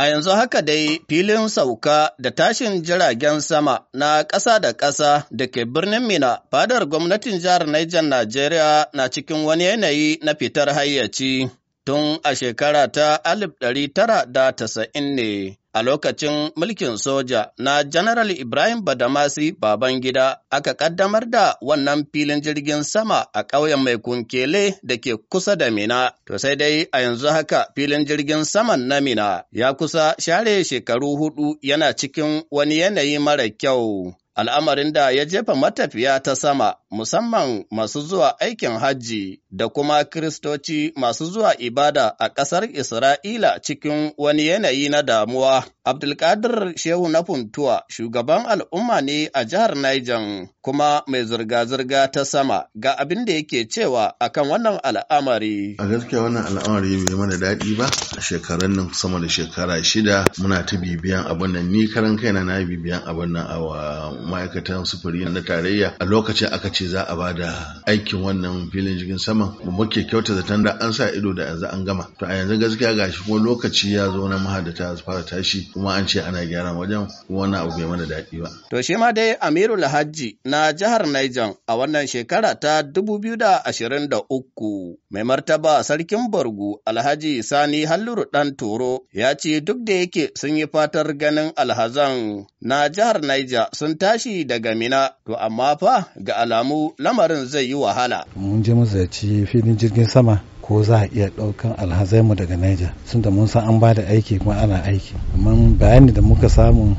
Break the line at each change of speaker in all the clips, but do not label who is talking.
A yanzu haka dai filin sauka da tashin jiragen sama na ƙasa da ƙasa da ke birnin Mina fadar gwamnatin jihar Niger Najeriya na cikin wani yanayi na fitar hayyaci tun a shekara ta 1990 ne. A lokacin mulkin soja na General Ibrahim Badamasi Babangida aka ƙaddamar da wannan filin jirgin sama a ƙauyen mai kunkele da ke kusa da Mina. To sai dai a yanzu haka filin jirgin saman na Mina ya kusa share shekaru hudu yana cikin wani yanayi mara kyau. Al'amarin da ya jefa matafiya ta sama musamman masu zuwa aikin hajji da kuma Kiristoci masu zuwa ibada a ƙasar Isra'ila cikin wani yanayi na damuwa. Abdulkadir Shehu na Funtuwa shugaban al'umma ne a jihar Niger kuma mai zirga-zirga ta sama ga abin da yake cewa akan wannan al'amari.
A gaskiya wannan al'amari bai mana daɗi ba a shekarun nan sama da shekara shida muna ta bibiyan abin nan ni karan kaina na bibiyan abin nan a wa ma'aikatan sufuri na tarayya a lokacin aka ce za a ba da aikin wannan filin jirgin sama musamman babban muke kyauta zaton da an sa ido da yanzu an gama to a yanzu gaskiya gashi kuma lokaci ya zo na mahadata su fara tashi kuma an ce ana gyara wajen kuma wani abu bai mana
daɗi ba. To shi ma dai Amiru Lahajji na jihar Niger a wannan shekara ta 2023 mai martaba sarkin Borgu Alhaji Sani Halluru Dan Toro ya ce duk da yake sun yi fatar ganin alhazan na jihar Niger sun tashi daga Mina to amma fa ga alamu lamarin zai yi wahala.
Mun je zaci shi filin jirgin sama ko za a iya ɗaukan mu daga Niger sun da mun san an ba da aiki kuma ana aiki amma bayani da muka samu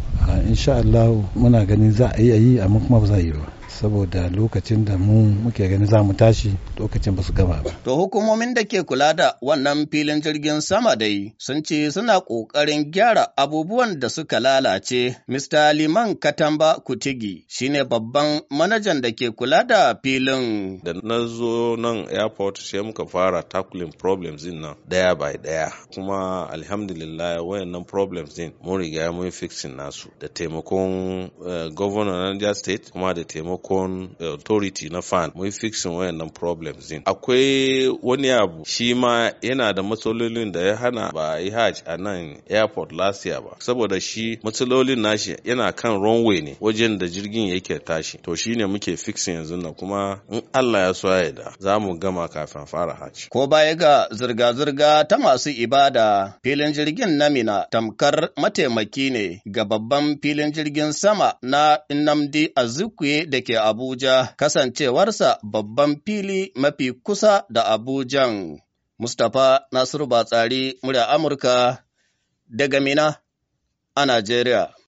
insha allahu muna ganin za a yi a yi amma kuma ba za a yi ba saboda lokacin da mu muke ganin za mu tashi lokacin ba su gama ba.
To hukumomin da ke kula da wannan filin jirgin sama dai sun ce suna ƙoƙarin gyara abubuwan da suka lalace. Mr. Liman Katamba Kutigi shi ne babban manajan da ke kula da
filin. Da na zo nan airport sai muka fara tackling problems din nan daya by daya kuma alhamdulillah wayannan problems din mun riga mun fixing nasu da taimakon uh, governor Niger state kuma da taimakon taimakon eh, authority na fan mun fixin wayannan problems din akwai wani abu shi ma yana da matsalolin da ya hana ba yi hajj a nan airport last year ba saboda shi matsalolin nashi yana kan runway ne wajen da jirgin yake tashi to shi ne muke fixin yanzu na kuma in Allah ya so ya da za mu gama kafin fara
hajj ko baya ga zirga-zirga ta masu ibada filin jirgin na Mina tamkar mataimaki ne ga babban filin jirgin sama na namdi Azikiwe da ke ke Abuja kasancewarsa babban fili mafi kusa da Abujan. Mustapha Nasiru Batsari, murya Amurka, daga Mina a Najeriya.